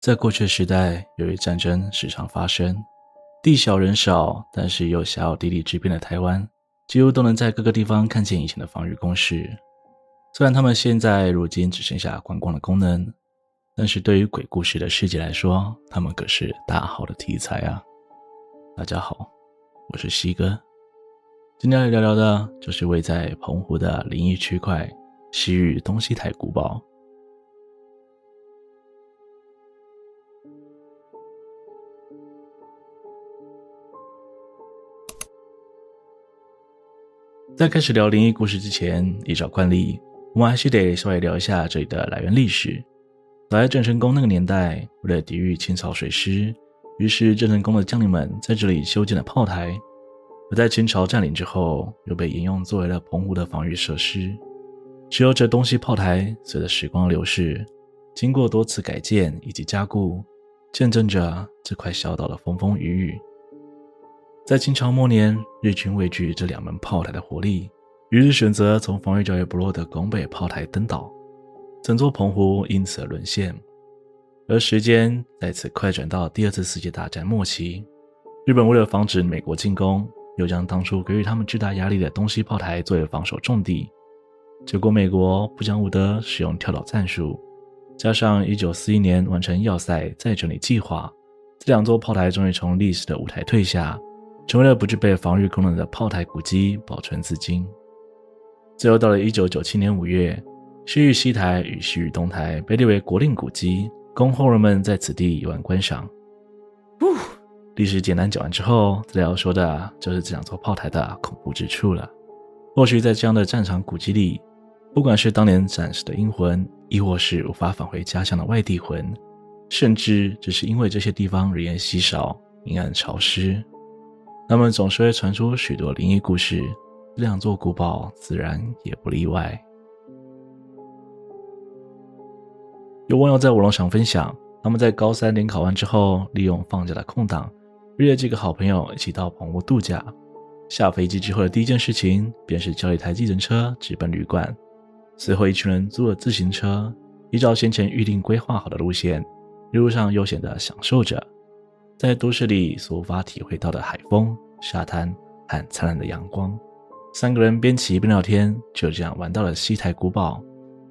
在過去的時代，由於戰爭時常發生，地小人少，但是又小有地利之便的台灣，幾乎都能在各個地方看見以前的防御工事。雖然他們現在如今只剩下觀光的功能，但是對於鬼故事的世界來說，他們可是大好的題材啊！大家好，我是西哥，今天要聊聊的就是位在澎湖的靈異區塊——西嶼東西台古堡。在開始聊靈異故事之前，依照慣例，我們還是得稍微聊一下這裡的來源歷史。早在鄭成功那個年代，為了抵御清朝水師，於是鄭成功的將領們在這裡修建了炮台；而在清朝占領之後，又被沿用作為了澎湖的防御設施。只有這東西炮台，隨着時光流逝，經過多次改建以及加固，見證着這塊小島的風風雨雨。在清朝末年，日軍畏懼這兩門炮台的火力，於是選擇從防禦較為薄弱的拱北炮台登島，整座澎湖因此淪陷。而時間再次快轉到第二次世界大戰末期，日本為了防止美國進攻，又將當初給予他們巨大壓力的東西炮台作為防守重地。結果，美國不講武德，使用跳島戰術，加上1941年完成要塞再整理計劃，這兩座炮台終於從歷史的舞台退下。成為了不具備防御功能的炮台古蹟，保存至今。最後到了一九九七年五月，西嶼西台與西嶼東台被列為國定古蹟，供後人們在此地遊玩觀賞。嗚歷史簡單講完之後，這裡要說的就是這兩座炮台的恐怖之處了。或許在這樣的戰場古蹟裡，不管是當年戰死的英魂，亦或是無法返回家鄉的外地魂，甚至只是因為這些地方人煙稀少、陰暗潮濕。他們總是會傳出許多靈異故事，這兩座古堡自然也不例外。有網友在網絡上分享，他們在高三聯考完之後，利用放假的空檔，約幾個好朋友一起到澎湖度假。下飛機之後的第一件事情，便是叫一台計程車直奔旅館。隨後，一群人租了自行車，依照先前預定規劃好的路線，一路上悠閒的享受着在都市裡所無法體會到的海風。沙灘和燦爛的陽光，三個人邊騎邊聊天，就這樣玩到了西台古堡，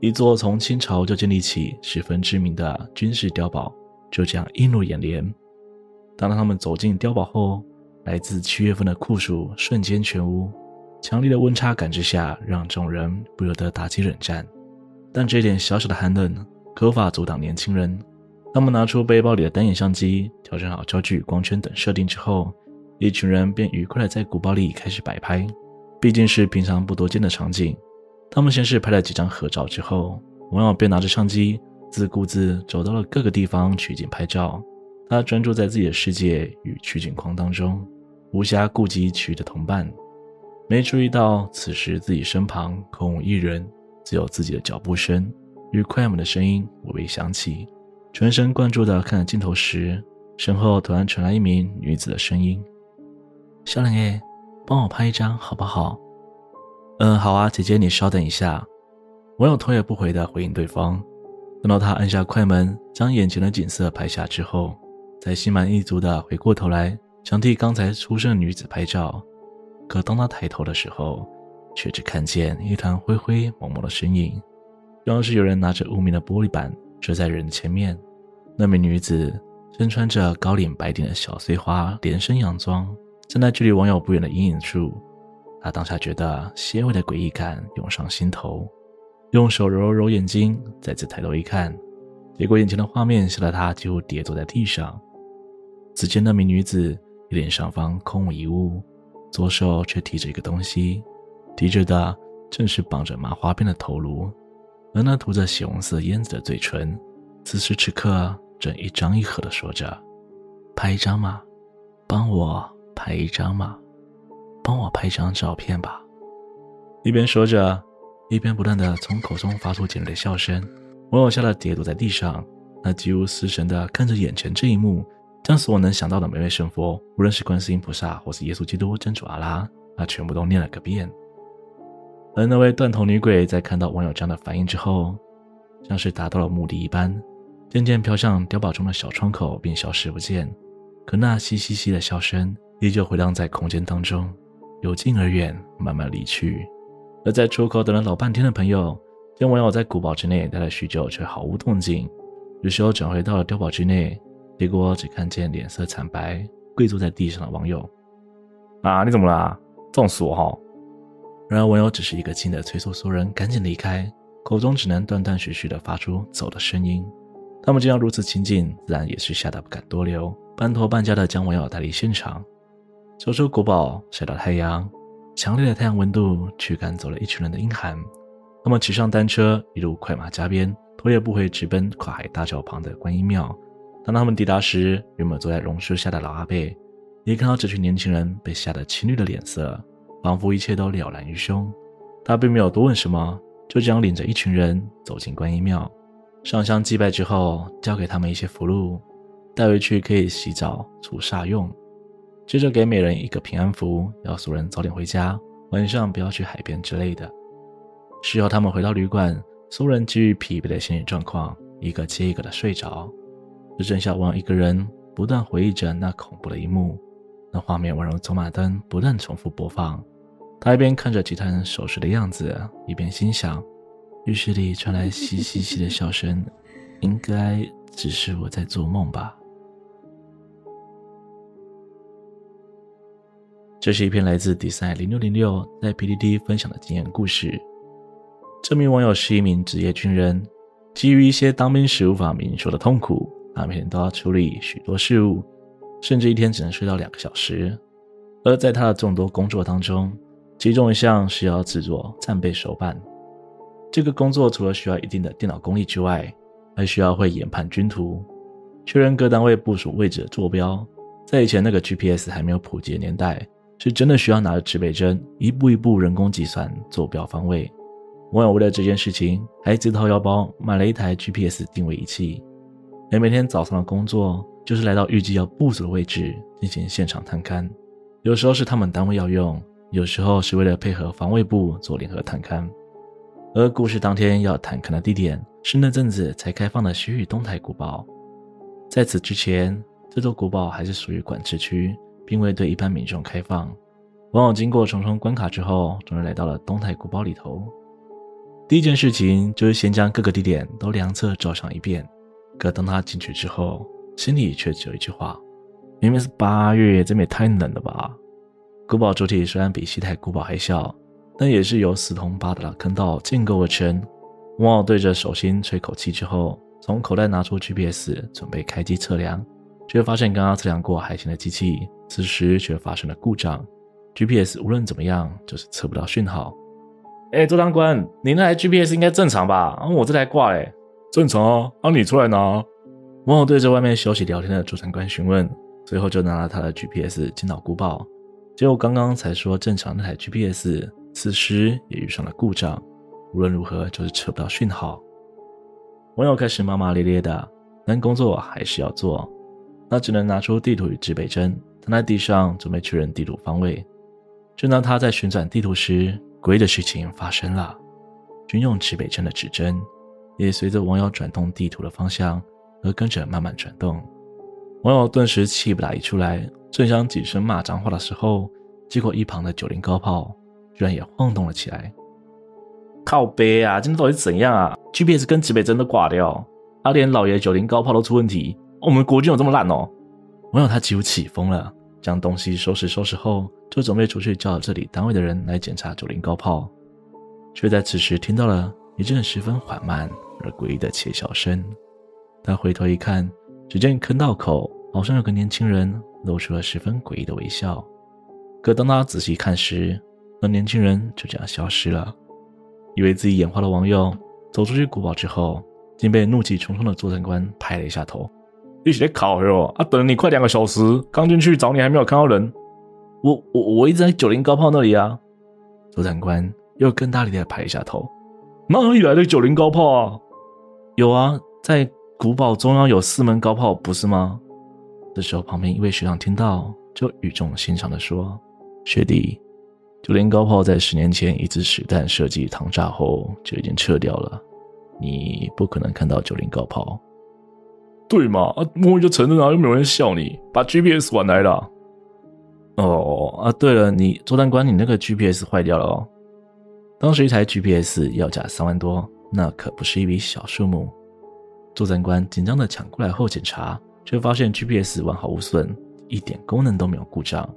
一座從清朝就建立起十分知名的軍事碉堡，就這樣映入眼簾。當他們走進碉堡後，來自七月份的酷暑瞬間全無，強烈的溫差感之下，讓眾人不由得打起冷戰。但這點小小的寒冷，可無法阻擋年輕人。他們拿出背包裡的單眼相機，調整好焦距、光圈等設定之後。一群人便愉快地在古堡裡開始擺拍，畢竟是平常不多見的場景。他們先是拍了幾張合照，之後王老便拿着相機自顧自走到了各個地方取景拍照。他專注在自己的世界與取景框當中，無暇顧及其餘的同伴，沒注意到此時自己身旁空無一人，只有自己的腳步聲與快門的聲音微微響起。全神貫注地看着鏡頭時，身後突然傳來一名女子的聲音。小林誒，幫我拍一張好不好？嗯，好啊，姐姐，你稍等一下。網友頭也不回地回應對方。等到他按下快門，將眼前的景色拍下之後，才心滿意足地回過頭來，想替剛才出聲的女子拍照。可當她抬頭的時候，卻只看見一团灰灰蒙蒙的身影。原來是有人拿着霧面的玻璃板遮在人的前面。那名女子身穿着高領白底的小碎花連身洋裝。站在距離網友不遠的陰影處，他當下覺得些微的詭異感湧上心頭，用手揉了揉眼睛，再次抬頭一看，結果眼前的畫面嚇得他幾乎跌坐在地上。只見那名女子，臉上方空無一物，左手卻提着一個東西，提着的正是綁着麻花辮的頭顱，而那塗着血紅色胭脂的嘴唇，此時此刻正一張一合的說着：“拍一張嗎？幫我。”拍一張嘛，幫我拍一張照片吧。一邊說着，一邊不斷的從口中發出尖銳的笑聲。網友嚇得跌落在地上，那幾乎失神的看着眼前這一幕，將所能想到的每位神佛，無論是觀世音菩薩或是耶穌基督、真主阿拉，他全部都念了個遍。而那位斷頭女鬼在看到網友這樣的反應之後，像是達到了目的一般，漸漸飄向碉堡中的小窗口，並消失不見。可那嘻嘻嘻的笑聲，依舊回盪在空間當中，由近而遠，慢慢離去。而在出口等了老半天的朋友，見網友在古堡之內待了許久卻毫無動靜，於是我轉回到了碉堡之內，結果只看見臉色慘白、跪坐在地上的網友。啊，你怎麼啦？凍死我了！然而網友只是一個勁的催促所有人趕緊離開，口中只能斷斷續續地發出走的聲音。他們見到如此情景，自然也是嚇得不敢多留，半拖半架的將網友帶離現場。走出古堡，曬到太陽，強烈的太陽溫度驅趕走了一群人的陰寒。他們騎上單車，一路快馬加鞭，頭也不回，直奔跨海大橋旁的觀音廟。當他們抵達時，原本坐在榕樹下的老阿伯，一看到這群年輕人被嚇得青綠的臉色，仿佛一切都了然於胸。他並沒有多問什麼，就這樣領着一群人走進觀音廟，上香祭拜之後，交給他們一些符籙，帶回去可以洗澡除煞用。接着給每人一個平安符，要所有人早點回家，晚上不要去海邊之類的。事後他們回到旅館，所有人基於疲憊的心理狀況，一個接一個的睡着。只剩下王一個人不斷回憶着那恐怖的一幕，那畫面宛如走馬燈不斷重複播放。他一邊看着其他人熟睡的樣子，一邊心想：浴室裡傳來嘻嘻嘻嘻的笑聲， 應該只是我在做夢吧。這是一篇來自迪賽零六零六在 PTT 分享的經驗故事。這名網友是一名職業軍人，基於一些當兵時無法明說的痛苦，他每天都要處理許多事務，甚至一天只能睡到兩個小時。而在他的眾多工作當中，其中一項需要製作戰備手辦。這個工作除了需要一定的電腦功力之外，還需要會研判軍圖，確認各單位部署位置的坐標。在以前那個 G P S 還沒有普及的年代，是真的需要拿着指北針，一步一步人工計算坐標方位。網友為了這件事情，還自掏腰包買了一台 GPS 定位儀器。他每天早上的工作，就是來到預計要部署的位置進行現場探勘。有時候是他們單位要用，有時候是為了配合防衛部做聯合探勘。而故事當天要探勘的地點，是那陣子才開放的西嶼東臺古堡。在此之前，這座古堡還是屬於管制區。並未對一般民眾開放，王奧經過重重關卡之後，終於來到了東臺古堡裡頭。第一件事情就是先將各個地點都量測照上一遍。可當他進去之後，心裡卻只有一句話：明明是八月，這也太冷了吧！古堡主體雖然比西臺古堡還小，但也是由四通八達的坑道建構而成。王奧對着手心吹口氣之後，從口袋拿出 GPS，準備開機測量。卻發現剛剛測量過海情的機器，此時卻發生了故障。GPS 無論怎麼樣就是測不到訊號。哎、欸，周長官，你那台 GPS 應該正常吧？啊、我這台掛了。正常啊，那你出來拿。網友對着外面休息聊天的周長官詢問，隨後就拿了他的 GPS 進到古堡。結果剛剛才說正常那台 GPS，此時也遇上了故障，無論如何就是測不到訊號。網友開始罵罵咧咧的，但工作還是要做。他只能拿出地圖與指北針，躺在地上準備確認地圖方位。正當他在旋轉地圖時，詭異的事情發生了：軍用指北針的指針也隨着網友轉動地圖的方向而跟着慢慢轉動。網友頓時氣不打一處來，正想起身罵髒話的時候，結果一旁的九零高炮居然也晃動了起來。靠北啊！今天到底是怎樣啊？GPS 跟指北針都掛掉，他、啊、連老爺九零高炮都出問題。我們國軍有這麼爛哦！網友他幾乎氣瘋了，將東西收拾收拾後，就準備出去叫這裡單位的人來檢查九零高炮，卻在此時聽到了一陣十分緩慢而詭異的竊笑聲。他回頭一看，只見坑道口好像有個年輕人露出了十分詭異的微笑。可當他仔細看時，那年輕人就這樣消失了。以為自己眼花了，網友走出去古堡之後，竟被怒氣冲冲的作戰官拍了一下頭。一直在烤肉，啊！等你快兩個小時，剛進去找你還沒有看到人。我我我一直在九零高炮那裡啊。左長官又跟大力的拍一下頭。哪裡來的九零高炮啊？有啊，在古堡中央有四門高炮不是嗎？這時候旁邊一位學長聽到，就語重心長地說：“學弟，九零高炮在十年前一支實彈射擊膛炸後就已經撤掉了，你不可能看到九零高炮。”對嘛？摸魚就承認啊，又沒有人笑你。把 GPS 還來了。哦啊，對了，你作戰官，你那個 GPS 壞掉了哦。當時一台 GPS 要價三萬多，那可不是一筆小數目。作戰官緊張的搶過來後檢查，却發現 GPS 完好無損，一點功能都沒有故障。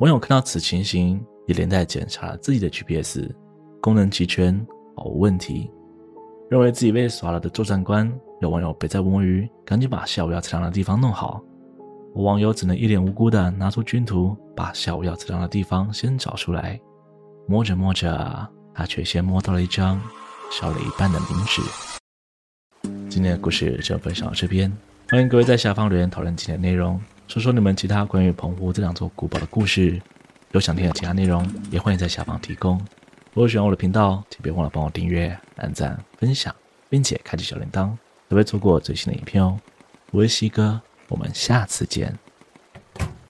網友看到此情形，也連帶檢查了自己的 GPS，功能齊全，毫無問題。認為自己被耍了的作戰官。有網友別再摸魚，趕緊把下午要測量的地方弄好。我網友只能一臉無辜的拿出軍圖，把下午要測量的地方先找出來。摸着摸着，他卻先摸到了一張少了一半的冥紙。今天的故事就分享到這邊，歡迎各位在下方留言討論今天內容，說說你們其他關於澎湖這兩座古堡的故事。有想聽的其他內容，也歡迎在下方提供。如果喜歡我的頻道，請別忘了幫我訂閱、按讚、分享，並且開啟小鈴鐺。別錯過最新的影片哦，我是西哥，我們下次見。